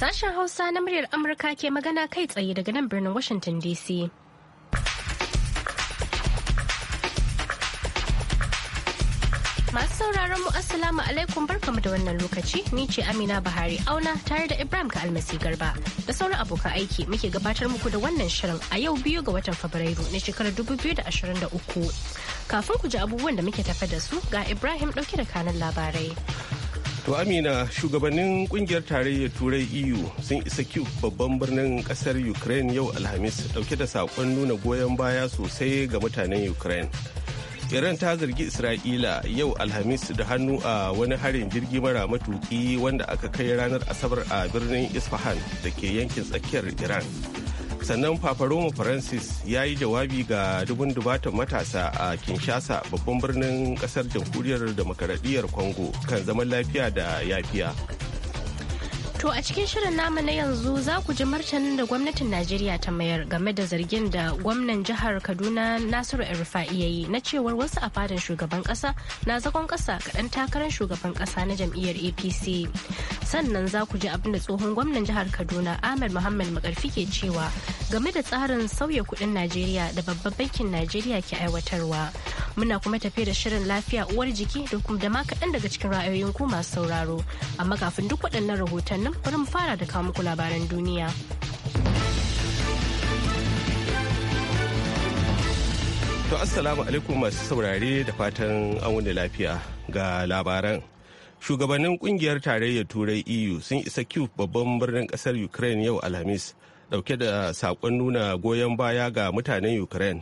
Sashen Hausa na muryar Amurka ke magana kai tsaye daga nan birnin Washington DC. Masu sauraron mu Assalamu alaikum barkamu da wannan lokaci ni ce Amina Bahari Auna tare da Ibrahim ka almasi garba da sauran abokan aiki muke gabatar muku da wannan shirin a yau biyu ga watan Fabrairu na shekarar 2023. Kafin ku ji abubuwan da muke tafe da su ga Ibrahim dauke da kanan labarai. To Amina shugabannin kungiyar tarayyar turai EU sun isa Kyiv babban birnin kasar Ukraine yau Alhamis dauke da sakon nuna goyon baya sosai ga mutanen Ukraine. Iran ta zargi Isra'ila yau Alhamis da hannu a wani harin jirgi mara matuki wanda aka kai ranar Asabar a birnin Isfahan da ke yankin tsakiyar Iran. sannan paparoma francis ya yi jawabi ga dubun dubatan matasa a kinshasa babban birnin kasar jamhuriyar demokaradiyyar congo kan zaman lafiya da yafiya To a cikin shirin namu na yanzu za ku ji martanin da gwamnatin Najeriya ta mayar game da zargin da gwamnan jihar Kaduna Nasiru Rufa'i ya yi na cewar wasu a fadin shugaban kasa na zagon kasa kaɗan takarar shugaban kasa na jam'iyyar APC. Sannan za ku ji abin da tsohon gwamnan jihar Kaduna Ahmed Muhammad Makarfi ke cewa game da tsarin sauya kuɗin Najeriya da babban bankin Najeriya ke aiwatarwa. Muna kuma tafiya da shirin lafiya uwar jiki da kuma da ma kaɗan daga cikin ra'ayoyin ku masu sauraro. Amma kafin duk waɗannan rahotannin nan bari mu fara da kawo muku labaran duniya. To assalamu alaikum masu saurare da fatan an wani lafiya ga labaran. Shugabannin kungiyar tarayyar turai EU sun isa Kyiv babban birnin kasar Ukraine yau Alhamis dauke da sakon nuna goyon baya ga mutanen Ukraine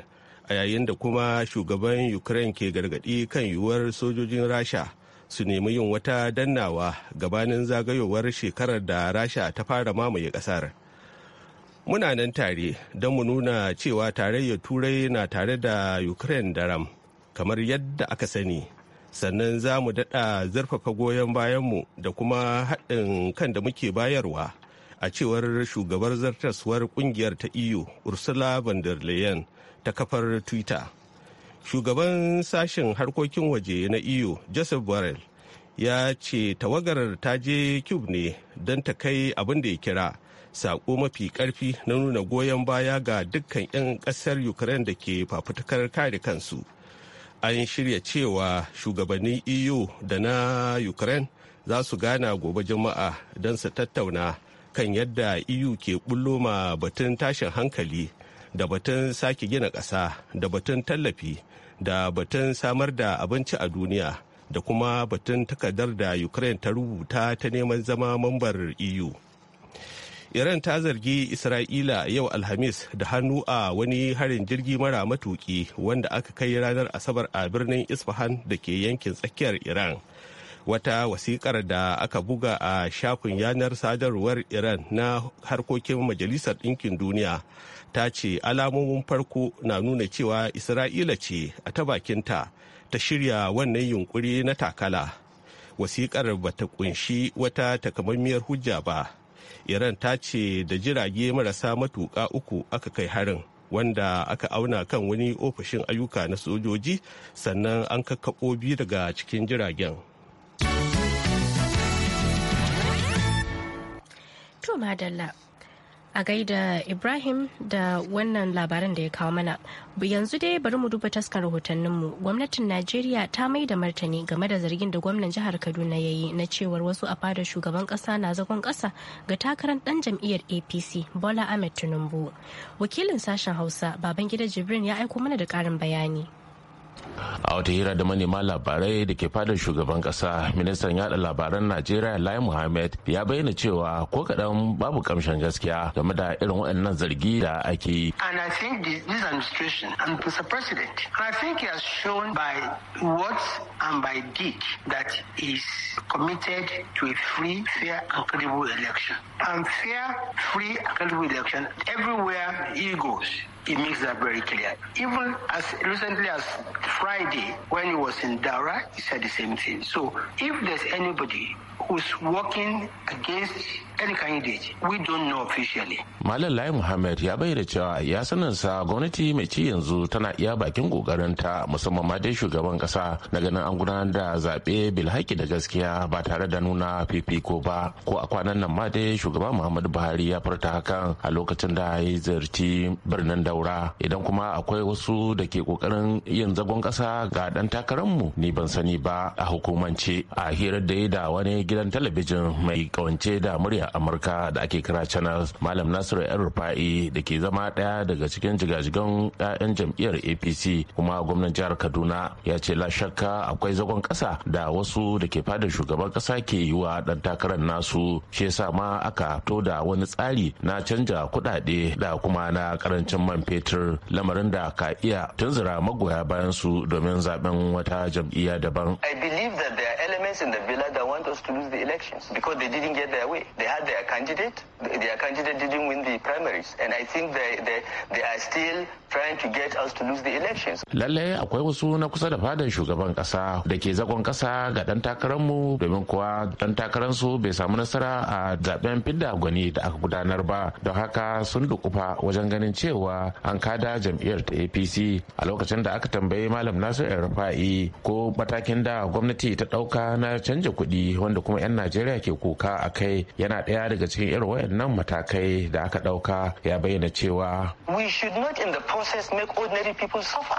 a yayin da kuma shugaban Ukraine ke gargadi kan yiwuwar sojojin Rasha su nemi yin wata dannawa gabanin zagayowar shekarar da rasha ta fara mamaye kasar muna nan tare don mu nuna cewa tarayyar turai na tare da ukraine da ram kamar yadda aka sani sannan za mu daɗa zurfafa goyon bayanmu da kuma haɗin kan da muke bayarwa a cewar shugabar zartaswar ƙungiyar ta eu ursula von der leyen ta kafar twitter shugaban sashen harkokin waje na eu joseph borrell ya ce tawagar ta je cube ne don ta kai abin da ya kira saƙo mafi ƙarfi na nuna goyon baya ga dukkan 'yan ƙasar ukraine da ke fafutukar kare kansu an shirya cewa shugabannin eu da na ukraine za su gana gobe jama'a don su tattauna kan yadda eu ke bullo ma batun tashin hankali da batun sake gina ƙasa da batun tallafi da batun samar da abinci a duniya da kuma batun takardar da ukraine ta rubuta ta neman zama mambar eu iran ta zargi isra'ila yau alhamis da hannu a wani harin jirgi mara matuki wanda aka kai ranar asabar a birnin isfahan da ke yankin tsakiyar iran wata wasikar da aka buga a shafin yanar sadarwar iran na harkokin majalisar ɗinkin duniya ta ce alamomin farko na nuna cewa isra'ila ce a ta bakinta ta shirya wannan yunkuri na takala wasiƙar ba ta kunshi wata takamammiyar hujja ba iran ta ce da jirage marasa matuƙa uku aka kai harin wanda aka auna kan wani ofishin ayyuka na sojoji sannan an kakkaɓo biyu daga cikin jiragen to madalla a gaida Ibrahim da wannan labaran da ya kawo mana. Yanzu dai bari mu duba taskar rahotanninmu. Gwamnatin Najeriya ta mai da martani game da zargin da gwamnan jihar Kaduna ya yi na cewar wasu a fadar shugaban kasa na zagon kasa ga takarar dan jam'iyyar APC Bola Ahmed Tinubu. Wakilin sashen Hausa Babangida Jibrin ya aiko mana da karin bayani. a wata hira da manema labarai da ke fadar shugaban kasa ministan yada labaran najeriya lai muhammed ya bayyana cewa ko kadan babu kamshin gaskiya game da irin waɗannan zargi da ake yi and i think this administration and mr president i think he has shown by words and by deed that is committed to a free fair and credible election and fair free and credible election everywhere he goes he makes that very clear. Even as recently as Friday, when he was in Dara, he said the same thing. So if there's anybody who's working against any candidate we don't know officially malam lai muhammad ya bayyana cewa ya sanansa gwamnati mai ci yanzu tana iya bakin kokarinta musamman ma dai shugaban kasa na ganin an gudanar da zaɓe bilhaki da gaskiya ba tare da nuna fifiko ba ko a kwanan nan ma dai shugaban muhammadu buhari ya furta hakan a lokacin da ya zarci birnin daura idan kuma akwai wasu da ke kokarin yin zagon kasa ga dan takararmu ni ban sani ba a hukumance a hirar da ya da wani gidan talabijin mai kawance da murya amurka da ake kira channel malam nasiru yan rufa'i da ke zama ɗaya daga cikin jigajigan 'ya'yan jam'iyyar apc kuma gwamnan jihar kaduna ya ce la shakka akwai zagon ƙasa da wasu da ke fadar shugaban ƙasa ke yi wa ɗan takarar nasu shi yasa ma aka to da wani tsari na canja kuɗaɗe da kuma na karancin man fetur lamarin da ka iya tunzura magoya bayan su domin zaben wata jam'iyya daban. I believe that there governments in the villa that want us to lose the elections because they didn't get their way. They had their candidate, their candidate didn't win the primaries, and I think they, they, they are still trying to get us to lose the elections. Lalle akwai wasu na kusa da fadan shugaban kasa da ke zagon kasa ga dan takararmu domin kuwa dan takararsu bai samu nasara a zaben fidda gwani da aka gudanar ba don haka sun dukufa wajen ganin cewa an kada jam'iyyar ta APC a lokacin da aka tambayi malam Nasir Rafa'i ko matakin da gwamnati ta dauka na canja kuɗi wanda kuma 'yan najeriya ke kuka a kai yana ɗaya daga cikin irin wayannan matakai da aka ɗauka ya bayyana cewa we should not in the process make ordinary people suffer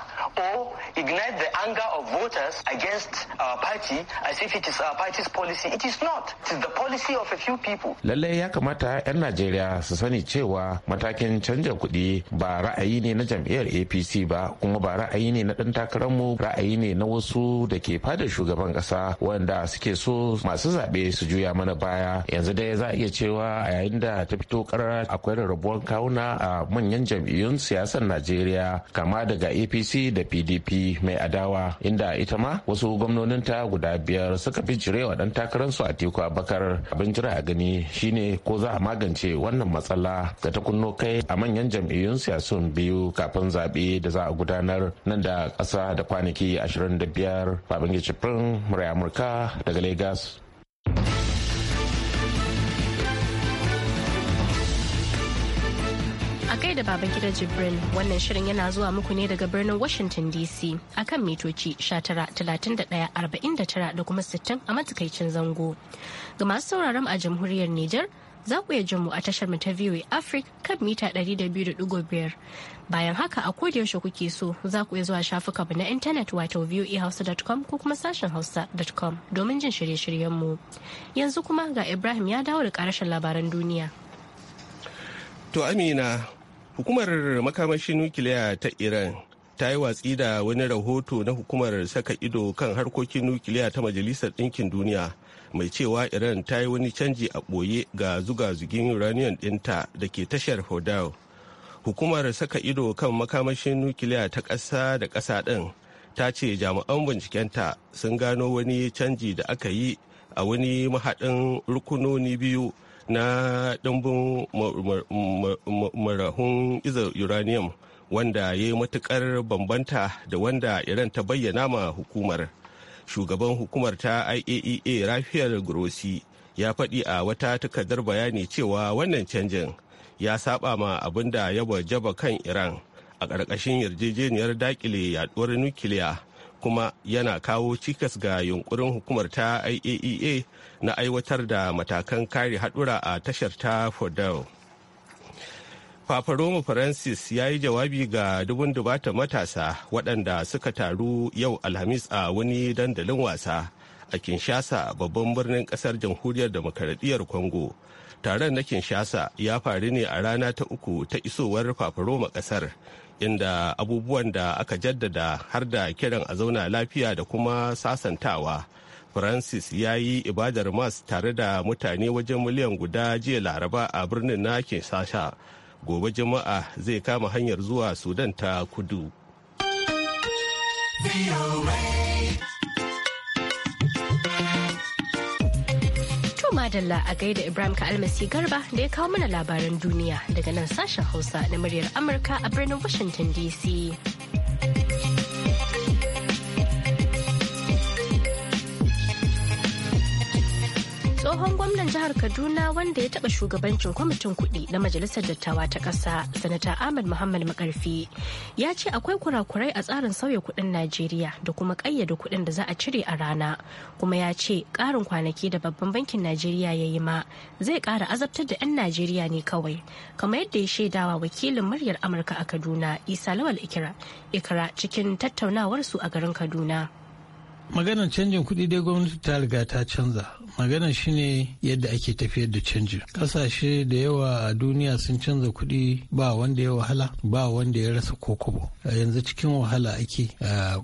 or ignite the anger of voters against our party as if it is our party's policy it is not it is the policy of a few people lallai ya kamata 'yan najeriya su sani cewa matakin canja kuɗi ba ra'ayi ne na jam'iyyar apc ba kuma ba ra'ayi ne na ɗan takararmu ra'ayi ne na wasu da ke fadar shugaban ƙasa wanda da suke so masu zaɓe su juya mana baya yanzu dai za a iya cewa a yayin da ta fito ƙarar akwai rarrabuwar kawuna a manyan jam'iyyun siyasar najeriya kama daga apc da pdp mai adawa inda ita ma wasu gwamnoninta guda biyar suka fi jire wa ɗan su a teku abakar abin jira a gani shine ko za a magance wannan matsala da ta kunno kai a manyan jam'iyyun siyasun biyu kafin zaɓe da za a gudanar nan da ƙasa da kwanaki 25 babangiji firin murai amurka daga legas A kai da baban gida Jibril wannan shirin yana zuwa muku ne daga birnin Washington DC akan mitoci 19,31,49 da kuma 60 a matsakaicin zango. Ga masu sauraron a jamhuriyar Nijar za ku iya jin mu a tashar mu ta VOA Africa kan mita 200.5. Bayan haka a koda yaushe kuke so za ku iya zuwa shafuka na intanet wato voahausa.com ko kuma sashen hausa.com domin jin shirye-shiryen mu. Yanzu kuma ga Ibrahim ya dawo da karashen labaran duniya. To Amina, hukumar makamashin nukiliya ta Iran ta yi watsi da wani rahoto na hukumar saka ido kan harkokin nukiliya ta majalisar ɗinkin duniya mai cewa iran ta yi wani canji a ɓoye ga zuga-zugin uranium ɗinta da ke tashar hodao hukumar saka ido kan makamashin nukiliya ta ƙasa da ƙasa ɗin ta ce jami'an bincikenta sun gano wani canji da aka yi a wani mahaɗin rukunoni biyu na ɗimbin marahun izar uranium wanda ya yi matuƙar bambanta da wanda iran ta bayyana ma hukumar shugaban hukumar ta iaea rafiyar grossi ya faɗi a wata takardar bayani cewa wannan canjin ya saba ma abin da ya jaba kan iran a ƙarƙashin yarjejeniyar dakile yaduwar nukiliya kuma yana kawo cikas ga yunkurin hukumar ta iaea e na aiwatar da matakan kare haɗura a tashar ta fordow Papa Roma Francis ya yi jawabi ga dubun dubata matasa waɗanda suka taru yau Alhamis a wani dandalin wasa a Kinshasa babban birnin ƙasar jamhuriyar demokaradiyyar Congo. Taron na Kinshasa ya faru ne a rana ta uku ta isowar Papa Roma ƙasar inda abubuwan da aka jaddada har da kiran a zauna lafiya da kuma sasantawa. francis ya yi ibadar mas tare da mutane wajen miliyan guda jiya laraba a birnin na kinshasa gobe jama'a zai kama hanyar zuwa sudan ta kudu madalla a gaida Ibrahim Almasi Garba da ya kawo mana labaran duniya daga nan sashen Hausa na muryar Amurka a birnin Washington DC. tsohon gwamnan jihar kaduna wanda ya taɓa shugabancin kwamitin kuɗi na majalisar dattawa ta ƙasa sanata ahmad muhammad makarfi ya ce akwai kurakurai a tsarin sauya kuɗin najeriya da kuma ƙayyade kuɗin da za a cire a rana kuma ya ce ƙarin kwanaki da babban bankin najeriya ya yi ma zai ƙara azabtar da 'yan najeriya ne kawai kamar yadda ya shaidawa wakilin muryar amurka a kaduna isa lawal ikira ikira cikin tattaunawarsu a garin kaduna maganar canjin kuɗi dai gwamnati ta riga ta canza maganar shine yadda ake tafiyar da canjin ƙasashe da yawa a duniya sun canza kuɗi ba wanda ya wahala ba wanda ya rasa kokobo yanzu cikin wahala ake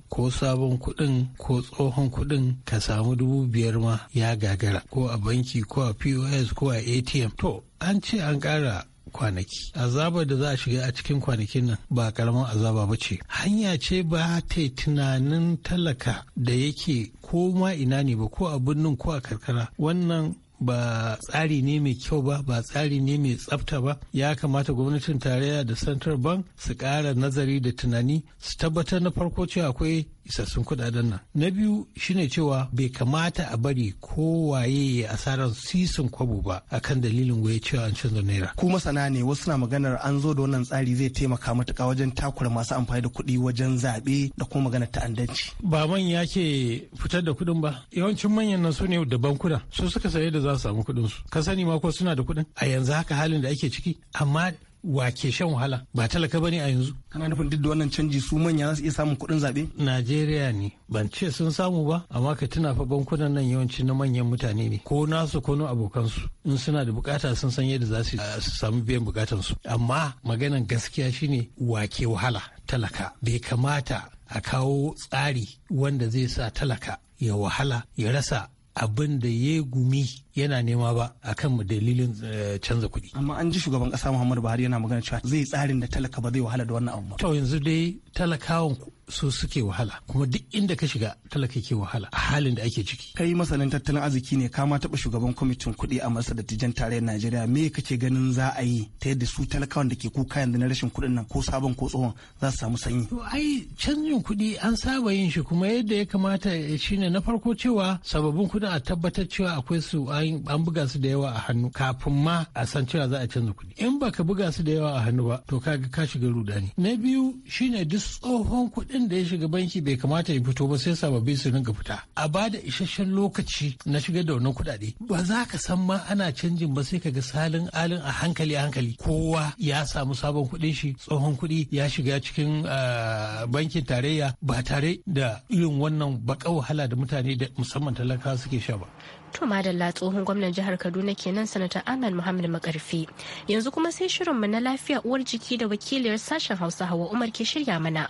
ko sabon kuɗin ko tsohon kuɗin ka samu dubu biyar ma ya gagara ko a banki ko a pos ko a atm to an ce an ƙara kwanaki azabar da za a shiga a cikin kwanakin nan ba karamin azaba ba ce hanya ce ba ta tunanin talaka da yake ko ma ina ne ba ko a birnin ko a karkara wannan ba tsari ne mai kyau ba ba tsari ne mai tsafta ba ya kamata gwamnatin tarayya da central bank su ƙara nazari da tunani su tabbatar na farko cewa akwai isassun kudaden nan na biyu shine cewa bai kamata a bari kowaye ya asarar sisin kwabo ba akan dalilin goye cewa an canza naira ku masana ne wasu na maganar an zo da wannan tsari zai taimaka matuka wajen takura masu amfani da kuɗi wajen zaɓe da kuma maganar ta'addanci ba manya ke fitar da kuɗin ba yawancin manyan nan su ne da bankuna su suka saye da za su samu kuɗin su ka sani ma ko suna da kuɗin a yanzu haka halin da ake ciki amma wa ke shan wahala ba talaka bane a yanzu kana nufin duk da wannan canji su manya za su iya samun kuɗin zaɓe najeriya ne ban ce sun samu ba amma ka tuna fa bankunan nan yawanci na manyan mutane ne ko nasu ko na abokansu in suna da bukata sun san yadda za su samu biyan su. amma maganan gaskiya shine wa ke wahala talaka bai kamata a kawo tsari wanda zai sa talaka ya wahala ya rasa abin da ya gumi yana nema ba a akan dalilin eh, canza kuɗi. Amma an ji shugaban ƙasa Muhammadu Buhari yana magana cewa zai tsarin da talaka ba zai wahala da wannan abu ba. To yanzu dai talakawan su suke wahala kuma duk inda ka shiga talaka ke wahala a halin da ake ciki. Kai masanin tattalin arziki ne ka ma taɓa shugaban kwamitin kuɗi a masa da tijan tarayyar Najeriya me ce ganin za a yi ta yadda su talakawan da ke kuka yanzu na rashin kuɗin nan ko sabon ko tsohon za su samu sanyi. To ai canjin kuɗi an saba yin shi kuma yadda ya kamata eh, shine na farko cewa sababbin kuɗin a tabbatar cewa akwai su an buga su da yawa a hannu kafin ma a san cewa za a canza kuɗi in ba ka buga su da yawa a hannu ba to kaga ka shiga rudani na biyu shine duk tsohon kuɗin da ya shiga banki bai kamata ya fito ba sai sababbi su ringa fita a ba da isasshen lokaci na shiga da wannan kuɗaɗe ba za ka san ma ana canjin ba sai ka ga salin alin a hankali a hankali kowa ya samu sabon kuɗin shi tsohon kuɗi ya shiga cikin ah, bankin tarayya ba tare da irin wannan baka wahala da mutane da musamman talakawa suke sha ba To madalla tsohon gwamnan jihar Kaduna kenan sanata Ahmed Muhammad Makarfi. Yanzu kuma sai shirin mu na lafiya uwar jiki da wakiliyar sashen Hausa Hawa Umar ke shirya mana.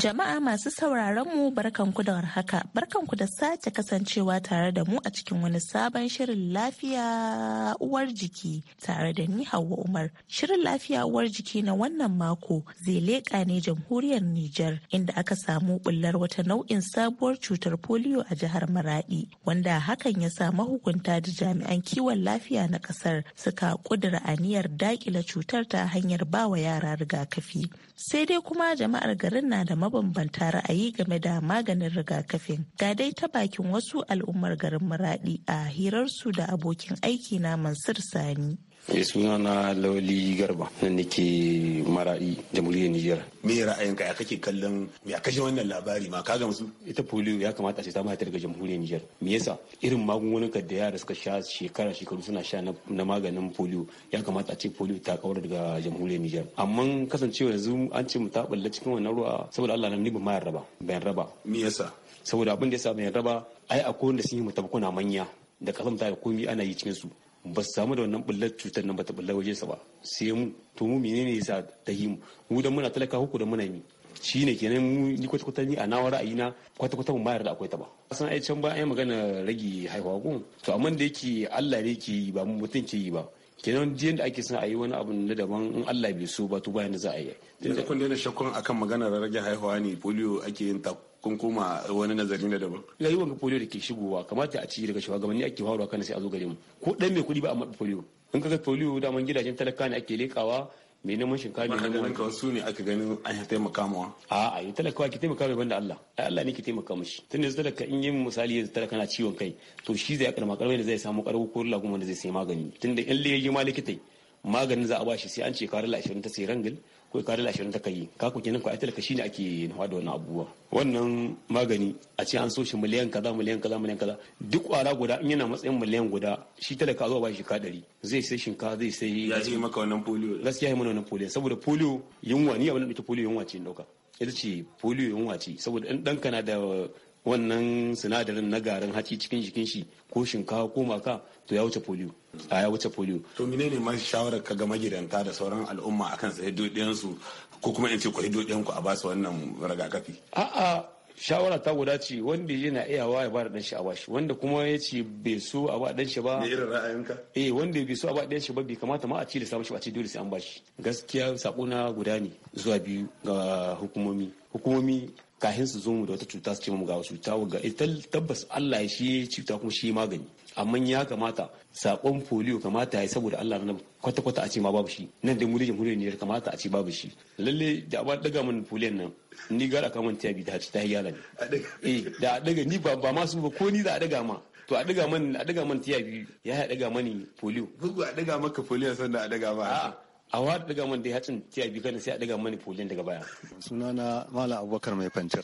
Jama'a masu sauraron mu barkanku da warhaka, barkanku da sake kasancewa tare da mu a cikin wani sabon shirin lafiya uwar jiki tare da ni Hauwa Umar. Shirin lafiya uwar jiki na wannan mako zai leƙa ne jamhuriyar Nijar inda aka samu bullar wata nau'in sabuwar cutar polio a jihar Maradi wanda hakan ya sa mahukunta da jami'an kiwon lafiya na kasar suka kudura aniyar dakila cutar ta hanyar bawa yara rigakafi. Sai dai kuma jama'ar garin na da mabambanta ra'ayi game da maganin rigakafin ga dai ta bakin wasu al'ummar garin muradi a hirarsu da abokin aiki na mansur sani ya eh, suna na lauli garba na nake mara'i jamhuriyar nijar me ra'ayinka ya kake kallon ya kashe wannan labari ma ka gamsu ita polio ya kamata ce ta mata daga jamhuriyar nijar me yasa irin magungunan da yara suka sha shekara shekaru suna sha na maganin polio ya kamata a ce polio ta kawar daga jamhuriyar nijar amma kasancewa yanzu an ce mu ta balle cikin wannan ruwa saboda Allah nan ni ba mayar raba bayan raba me yasa saboda abin da yasa bayan raba ai akwai wanda sun yi mutabakuna manya da kasan ta komi ana yi cikin su ba su samu da wannan bullar cutar nan ba ta bullar waje sa ba sai mu to mu menene yasa ta yi mu mu dan muna talaka huku da muna yi shi ne kenan mu ni kwata kwata ni a na ra'ayi na kwata kwata mu bayar da akwai ta ba san ai can ba ai magana rage haihuwa ko to amma da yake Allah ne yake yi ba mutum ke yi ba kenan jiyan da ake son a yi wani abu na daban in Allah bai so ba to bayan da za a yi. Yanzu kun daina shakkun akan maganar rage haihuwa ne polio ake yin ta kun koma wani nazari na daban. Yayi ga polio da ke shigowa kamata a ci daga shugabanni ake faruwa kana sai a zo gare mu ko dan mai kudi ba a maɗa polio in kaga polio man gidajen talaka ne ake lekawa mai neman shinkafa mai neman kawai su ne aka ganin an ya taimaka mawa a a yi talakawa ki taimaka mai banda Allah ai Allah ne ki taimaka mishi tunda yanzu talaka in yi misali yanzu talaka na ciwon kai to shi zai karma karmai da zai samu karbo ko rula kuma da zai sai magani tunda in le ma likitai maganin za a bashi sai an ce karala 20 ta sai rangil ko ka dala ashirin ta kai ka ku kenan ku ai talaka shine ake nawa da wannan abubuwa wannan magani a ce an so shi miliyan kaza miliyan kaza miliyan kaza duk kwara guda in yana matsayin miliyan guda shi talaka zuwa ba shi ka dari zai sai shinkafa zai sai ya ce maka wannan polio gaskiya ya mana wannan polio saboda polio yunwa ni abin da ita polio yunwa ce in dauka ita ce polio yunwa ce saboda dan kana na da wannan sinadarin na garin haci cikin jikin shi ko shinkawa ko maka to ya wuce polio a ya wuce polio to ne ma shawarar ka ga magidanta da sauran al'umma akan sai dodiyan su ko kuma in ce ku dodiyan ku a basu wannan a a'a shawara ta guda ce wanda yana iyawa ya ba da shi a bashi wanda kuma ya ce bai so a ba dan shi ba ne irin ra'ayinka eh wanda bai so a ba dan shi ba bai kamata ma a ci da samu shi a ci dole sai an bashi gaskiya sako na guda ne zuwa biyu ga hukumomi hukumomi kahin su zo mu da wata cuta su ce mu ga wasu cuta ga ita tabbas Allah ya shi cuta kuma shi magani amma ya kamata sakon polio kamata ya saboda Allah na kwata kwata a ce ma babu shi nan dai mu da jamhuriyar ne kamata a ce babu shi lalle da ba daga mun polio nan ni ga aka mun tabi da ta yala ne eh da daga ni ba ba ma su ba ko ni da daga ma to a daga man a daga man tiyabi ya daga mani polio gugu a daga maka polio sannan a daga Aa. a wata daga man da hatsin tiya biyu kana sai a daga mani polin daga baya sunana mala abubakar mai fancir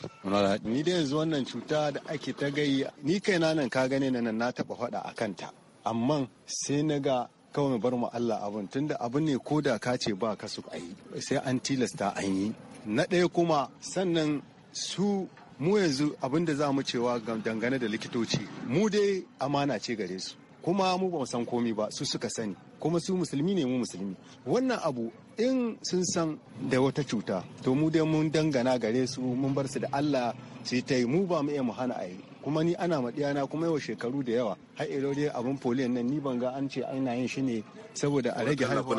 ni da yanzu wannan cuta da ake ta gayi ni kai na nan ka gane nan na taba faɗa a kanta amma sai naga ga kawai mu bar mu Allah abun tunda abun ne ko da ka ce ba ka su ayi sai an tilasta an yi na ɗaya kuma sannan su mu yanzu abin da za mu cewa dangane da likitoci mu dai amana ce gare su kuma mu ba san komi ba su suka sani kuma su musulmi ne mu musulmi wannan abu in sun san da wata cuta to mu dai mun dangana gare su mun bar su da Allah su ta yi mu ba mu iya mu hana a yi kuma ni ana ma diyana kuma yawa shekaru da yawa har ilo dai abin foliyan nan ni ban ga an ce ana yin shi ne saboda a rage haihuwa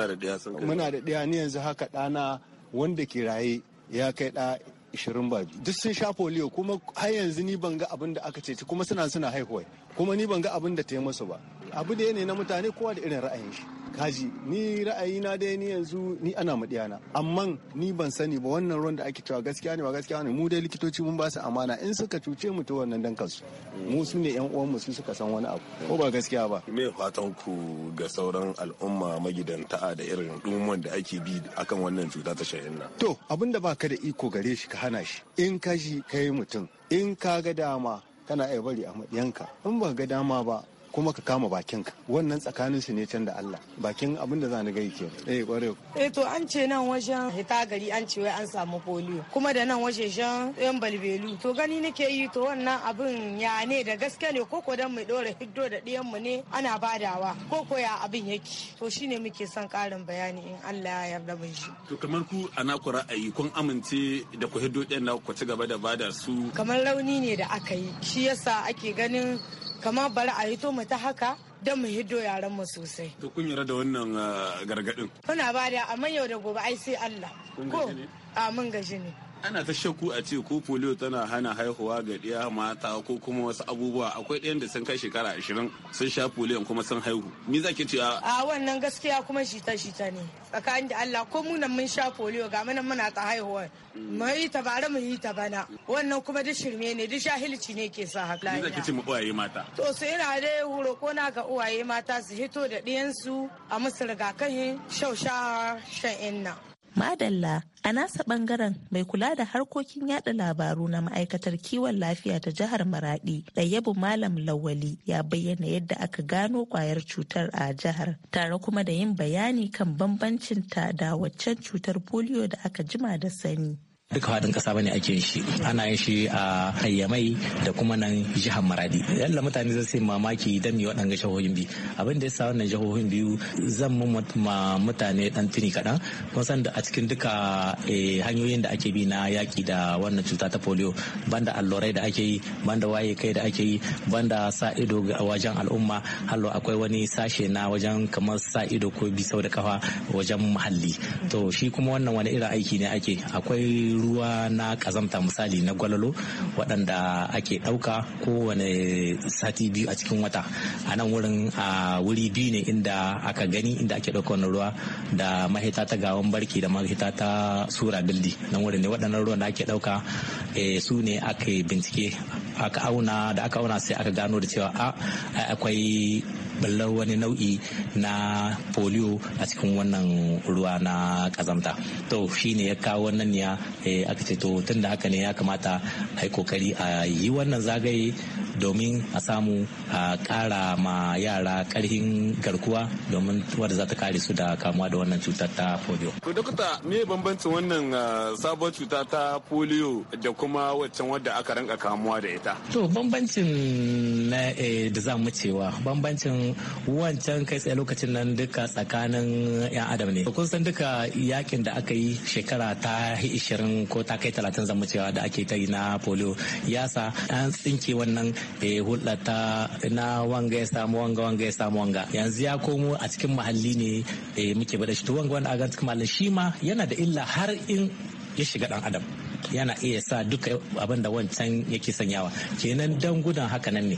muna da diya ni yanzu haka dana wanda ke raye ya kai ɗa ishirin ba biyu duk sun sha foliyo kuma har yanzu ni ban ga abin da aka ce kuma suna suna haihuwa kuma ni ban ga abin da ta yi musu ba abu da ne na mutane kowa da irin ra'ayin shi kaji ni ra'ayina dai ni yanzu ni ana madiyana amma ni ban sani ba wannan ruwan da ake cewa gaskiya ne ba gaskiya ne mu dai likitoci mun ba su amana in suka cuce mu to wannan dan kansu mu su ne yan uwan mu su suka san wani abu ko ba gaskiya ba me fatan ku ga sauran al'umma magidanta da irin dumon da ake bi akan wannan cuta ta shayin nan to abinda baka da iko gare shi ka hana shi in ka kai mutum in ka ga dama kana iya a madiyanka in ba ga dama ba kuma ka kama bakinka wannan tsakanin su ne can da Allah bakin abin da za ni gai ke eh kware eh to an ce nan wajen hita gari an ce wai an samu polio kuma da nan wajen shan yan balbelu to gani nake yi to wannan abin ya ne da gaske ne koko dan mu dore hiddo da diyan mu ne ana badawa koko ya abin yake to shine muke son karin bayani in Allah ya yarda mun shi to kamar ku ana ku ra'ayi kun amince da ku hiddo din na ku ci gaba da bada su kamar rauni ne da aka yi shi yasa ake ganin kama bari a hito mu ta haka don mu hiddo yaran mu sosai. To kun yarda da wannan ah, gargadin. Kuna ba da amma yau da gobe ai sai Allah. Ko a gaji ne. ana ta shakku a ce ko polio tana hana haihuwa ga ɗiya mata ko kuma wasu abubuwa akwai ɗayan da sun kai shekara ashirin sun sha polio kuma sun haihu me zaki cewa a wannan gaskiya kuma shita shita ne tsakanin da Allah ko mu nan mun sha polio ga mana muna ta haihuwa mu yi ta bare mu yi ta bana wannan kuma da shirme ne duk shahilci ne ke sa haka me zaki ce mu uwaye mata to su ina da huroko na ga uwaye mata su hito da ɗiyansu a musu rigakafin shausha shan inna Madalla a nasa bangaren mai kula da harkokin yada labaru na ma'aikatar kiwon lafiya ta jihar Maradi Ɗayyabu Malam Lawali ya bayyana yadda aka gano kwayar cutar a jihar tare kuma da yin bayani kan bambancin ta da waccan cutar polio da aka jima da sani. duka faɗin ƙasa bane ake shi ana yin shi a hayyamai da kuma nan jihar maradi yalla mutane zai sai mamaki dan mi waɗanga jihohin biyu abin da ya sa wannan jihohin biyu zan ma mutane dan tuni kaɗan kun san da a cikin duka eh, hanyoyin da ake bi na yaƙi da wannan cuta ta polio banda allurai da ake yi banda waye kai da ake yi banda sa ido a wajen al'umma hallo akwai wani sashe na wajen kamar sa ido ko bisau da kafa wajen muhalli to shi kuma wannan wani irin aiki ne ake akwai ruwa na kazamta misali na gwalalo waɗanda ake ɗauka kowane sati biyu a cikin wata a nan wurin a wuri biyu ne inda aka gani inda ake ɗauka wani ruwa da mahita ta gawan barki da mahita ta sura bildi nan wurin ne waɗannan ruwan da ake ɗauka e, su ne aka bincike aka auna da aka auna sai aka gano da cewa a akwai ballar wani nau'i na polio a cikin wannan ruwa na kazamta to shine ya kawo wannan niya eh, aka ce to tun da haka ne ya kamata a yi kokari a yi wannan zagaye domin a samu a kara ma yara karhin garkuwa domin wadda za ta kare su da kamuwa da wannan cutar ta polio. To dokta me bambancin wannan ah, sabon cuta ta polio da kuma waccan wadda aka ranka kamuwa da ita? To bambancin eh, da za mu cewa bambancin wancan kai tsaye lokacin nan duka tsakanin 'yan adam ne kun san duka yakin da aka yi shekara ta 20 ko ta kai 30 zama cewa da ake ta yi na polio sa an tsinke wannan eh, hulɗa ta na wanga ya samu wanga wanga ya samu wanga yanzu ya komo a cikin mahalli ne eh, muke bada shi to wanga wanda a cikin mahalli shi ma yana da illa har in ya shiga dan adam yana iya sa duka abinda wancan yake sanyawa kenan dan gudan haka ne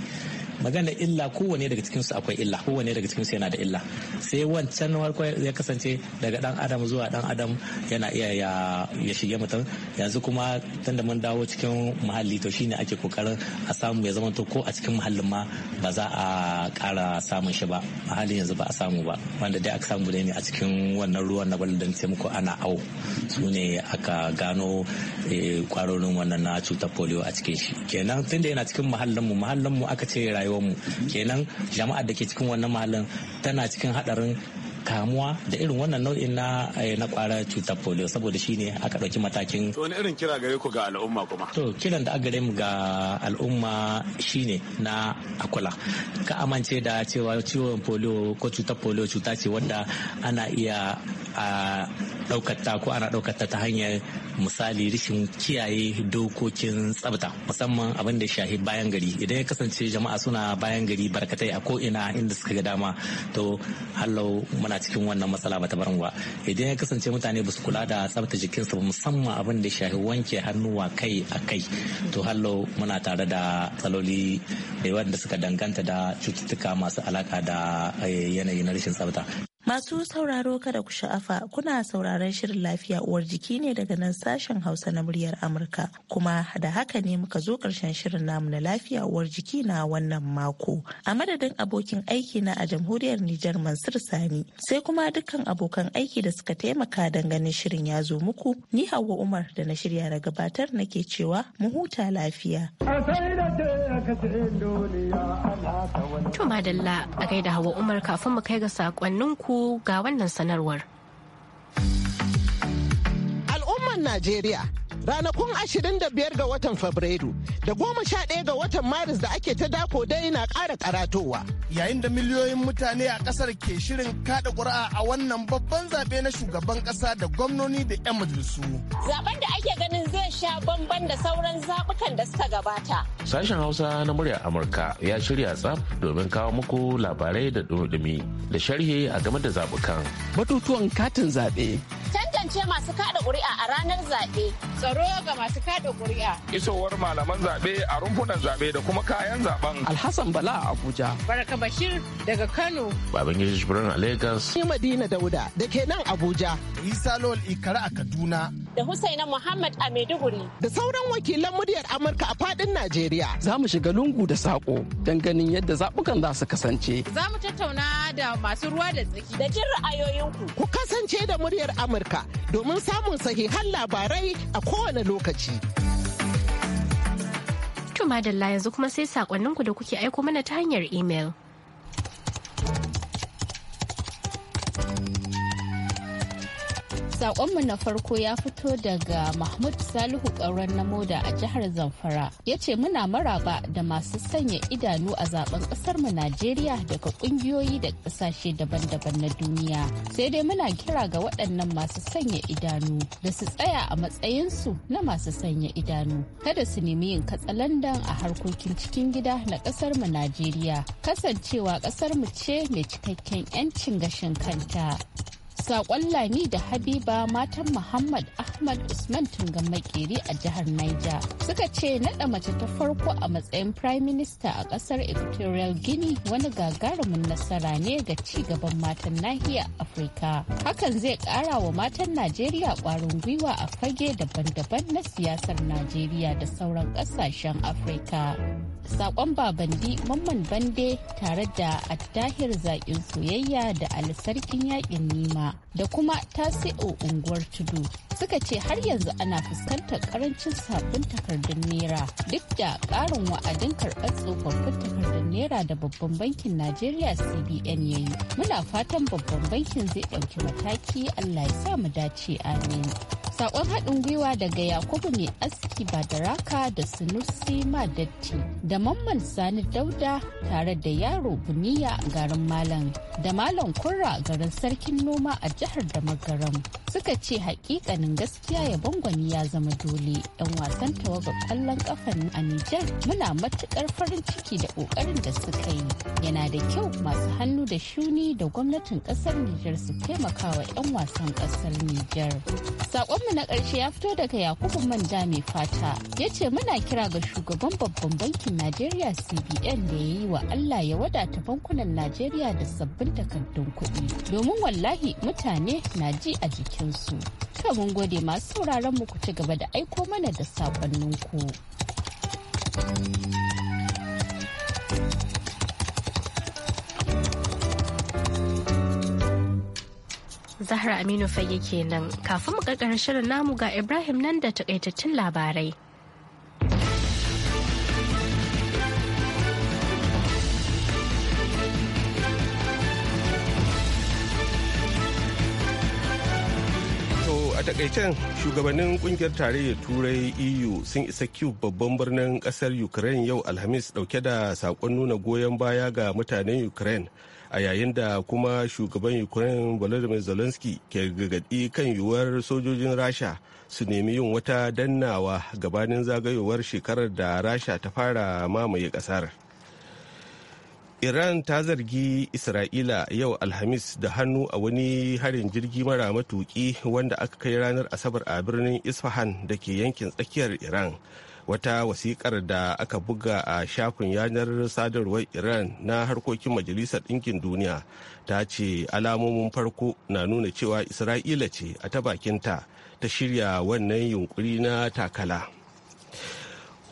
magana illa kowane daga cikin su akwai illa kowane daga cikin su yana da illa sai wancan farko ya kasance daga dan adam zuwa dan adam yana iya ya shige mutum yanzu kuma tunda mun dawo cikin muhalli to shine ake kokarin a samu ya zamanto ko a cikin muhallin ma ba za a kara samun shi ba muhallin yanzu ba a samu ba wanda dai aka samu ne a cikin wannan ruwan na gwaldan ce muku ana au su ne aka gano eh, kwarorin wannan na cutar polio a cikin shi kenan tunda yana cikin muhallin mu muhallin mu aka ce rayuwa mu kenan jama'ar da ke cikin wannan mahallin tana cikin haɗarin kamuwa da irin wannan nau'in na eh, na kwara cutar polio saboda shine aka ɗauki matakin to wani irin kira gare ku ga al'umma kuma to kiran da aka gare mu ga al'umma shine na akula ka amince da cewa ciwon polio ko cutar polio cuta ce wanda ana iya a ɗaukata ko ana ɗaukata ta hanyar misali rishin kiyaye dokokin tsabta musamman abin da shahi bayan gari idan ya kasance jama'a suna bayan gari barkatai a ko ina inda suka ga dama to hallau muna cikin wannan matsala bata barin ba idan ya kasance mutane ba su kula da tsabta jikinsu ba musamman abin da shahi wanke hannuwa kai a kai to hallau muna tare da tsaloli wanda suka danganta da cututtuka masu alaka da eh, yanayi na rashin tsabta Masu sauraro kada ku sha'afa kuna sauraron shirin lafiya uwar jiki ne daga nan sashen Hausa na muryar Amurka kuma da haka ne muka zo ƙarshen shirin namu na lafiya uwar jiki na wannan mako. A madadin abokin aiki na a jamhuriyar Nijar Mansur Sani sai kuma dukkan abokan aiki da suka taimaka don ganin shirin ya zo muku ni Hauwa Umar da na shirya da gabatar nake cewa mu huta lafiya. To madalla a gaida Hauwa Umar kafin mu kai ga sakonninku farko ga wannan sanarwar. Al'ummar Najeriya ranakun 25 ga watan fabrairu da goma sha 11 ga watan maris da ake ta dako dai na ƙara karatowa yayin da miliyoyin mutane a ƙasar ke shirin kada ƙuri'a a wannan babban zaɓe na shugaban ƙasa da gwamnoni da 'yan majalisu zaben da ake ganin zai sha bamban da sauran zaɓukan da suka gabata sashen hausa na murya amurka ya shirya tsaf domin kawo muku labarai da dumi da sharhi a game da zaɓukan batutuwan katin zaɓe tantance masu kada ƙuri'a a ranar zaɓe tsaro ga masu kada kuri'a. Isowar malaman zaɓe a rumfunan zaɓe da kuma kayan zaɓen. Alhassan Bala a Abuja. Baraka Bashir daga Kano. Babangida Jibrin a Lagos. Ni Madina Dauda da ke nan Abuja. Isa Lol Ikara a Kaduna. da Husaina Muhammad a Maiduguri. Da sauran wakilan muryar Amurka a fadin Najeriya. Za mu shiga lungu da saƙo don ganin yadda zaɓukan za su kasance. Za mu tattauna da masu ruwa da tsaki. Da jin ra'ayoyinku. Ku kasance da muryar Amurka domin samun sahihan labarai a kowane lokaci. Tuma da yanzu kuma sai sakonninku da kuke aiko mana ta hanyar imel. Sakonmu na farko ya fito daga Mahmud Salihu Ƙauren na Moda a jihar Zamfara. Ya ce muna maraba da masu sanya idanu a zaben ƙasarmu Najeriya daga ƙungiyoyi da ƙasashe daban-daban na duniya. Sai dai muna kira ga waɗannan masu sanya idanu da su tsaya a matsayinsu na masu sanya idanu. Kada su nemi yin katsalandan a harkokin cikin gida na ƙasarmu Najeriya. Kasancewa ƙasarmu ce mai cikakken 'yancin gashin kanta. bisa Lami da Habiba matan Muhammad Ahmad Usman Tungan Makeri a jihar Niger suka ce naɗa mace ta farko a matsayin Prime Minister a kasar Equatorial Guinea wani gagarumin nasara ne ga ci gaban matan nahiyar Afirka. Hakan zai kara wa matan Najeriya ƙwarin gwiwa a fage daban-daban na siyasar Najeriya da sauran kasashen Afirka. sakon babandi mamman bande tare da attahir zaƙin soyayya da alsarkin yaƙin nima da kuma tasi'o unguwar tudu suka ce har yanzu ana fuskantar karancin sabbin takardun nera duk da ƙarin wa'adin karɓar tsofaffin takardun naira da babban bankin najeriya cbn ya yi muna fatan babban bankin zai ɗauki mataki allah ya sa mu dace amin Sakon haɗin gwiwa daga Yakubu mai aski Badaraka da Sunusi Madatti da Mamman Sani Dauda tare da yaro Buniya garin Malam da Malam Kurra garin Sarkin Noma a jihar Damagaram suka ce hakikanin gaskiya ya bangwani ya zama dole 'yan wasan tawaga kwallon kafan a Nijar muna matukar farin ciki da kokarin da suka yi. Yana da kyau masu hannu da shuni da gwamnatin kasar Nijar su taimakawa 'yan wasan kasar Nijar. Sakon Sakonmu na ƙarshe ya fito daga Yakubu Manda mai fata. Ya ce muna kira ga shugaban babban bankin Najeriya CBN da ya yi wa Allah ya wadata bankunan Najeriya da sabbin takardun kuɗi. Domin wallahi mutane na ji a jikinsu. To mun gode masu sauraron mu ku ci gaba da aiko mana da sakonninku. ku. Zahra Aminu Fage kenan kafin mu karkar shirin namu ga Ibrahim nan da takaitattun labarai. a takaicen shugabannin kungiyar tarayyar turai eu sun isa cube babban birnin kasar ukraine yau alhamis dauke da sakon nuna goyon baya ga mutanen ukraine a yayin da kuma shugaban ukraine volodymyr zelensky ke gargaɗi kan yiwuwar sojojin rasha su nemi yin wata dannawa gabanin zagayowar shekarar da rasha ta fara mamaye ƙasar iran ta zargi isra'ila yau alhamis da hannu a wani harin jirgi mara matuki wanda aka kai ranar asabar a birnin isfahan da ke yankin tsakiyar iran wata wasikar da aka buga a shafin yanar sadarwar iran na harkokin majalisar ɗinkin duniya ta ce alamomin farko na nuna cewa isra'ila ce a ta bakinta ta shirya wannan yunkuri na takala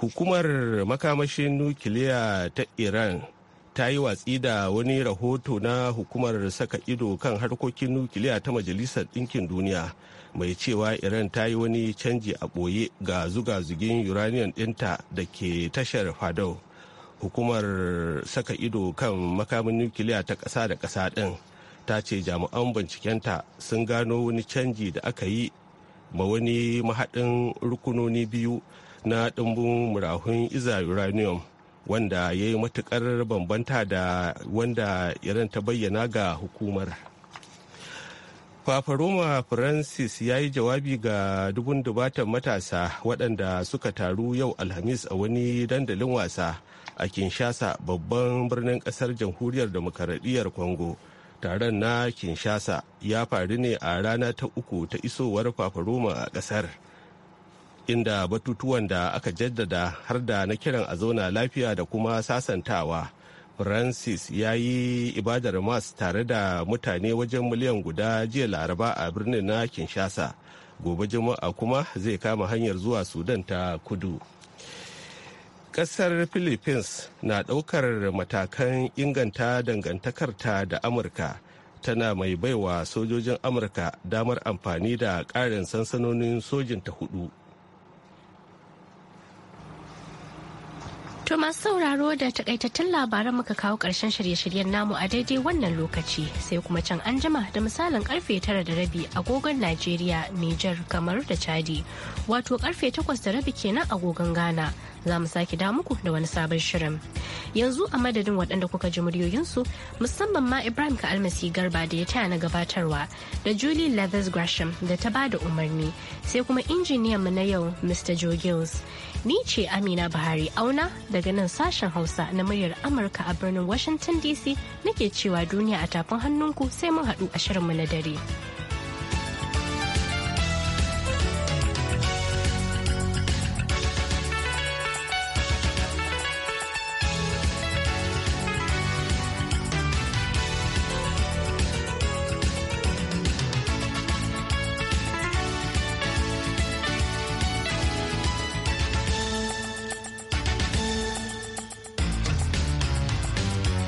hukumar makamashin nukiliya ta iran ta yi watsi da wani rahoto na hukumar saka ido kan harkokin nukiliya ta majalisar ɗinkin duniya mai cewa iran ta yi wani canji a ɓoye ga zuga-zugin uranium ɗinta da ke tashar fadau hukumar saka ido kan makamin nukiliya ta ƙasa da ƙasa ɗin ta ce jami'an bincikenta sun gano wani canji da aka yi ma wani mahaɗin rukunoni biyu na ɗumbin murahun iza uranium wanda ya yi matukar bambanta da wanda irin ta bayyana ga hukumar Papa Roma Francis ya yi jawabi ga dubun dubatan matasa waɗanda suka taru yau Alhamis a wani dandalin wasa a Kinshasa babban birnin ƙasar jamhuriyar demokaradiyyar Congo. Taron na Kinshasa ya faru ne a rana ta uku ta isowar Papa a ƙasar. inda batutuwan da aka jaddada har da na kiran a zauna lafiya da kuma sasantawa francis ya yi ibadar mas tare da mutane wajen miliyan guda jiya laraba a birnin na kinshasa gobe juma'a kuma zai kama hanyar zuwa sudan ta kudu kasar philippines na daukar matakan inganta dangantakarta da amurka tana mai baiwa sojojin amurka damar amfani da ƙarin sansanonin sojin ta hudu To masu sauraro da takaitattun labaran muka kawo ƙarshen shirye-shiryen namu a daidai wannan lokaci sai kuma can an jima da misalin karfe tara da rabi agogon Najeriya, Nijar, kamar da Chadi. Wato karfe takwas da rabi kenan agogon Ghana. Za mu sake da muku da wani sabon shirin. Yanzu a madadin waɗanda kuka ji muryoyinsu musamman ma Ibrahim ka almasi garba da ya taya na gabatarwa da Julie Leathers Gresham da ta ba da umarni sai kuma injiniyan mu na yau Mr. Joe Gills. Ni ce Amina Buhari Auna daga nan sashen Hausa na muryar Amurka a birnin Washington DC nake cewa duniya a tafin hannunku sai mun haɗu a shirinmu na dare.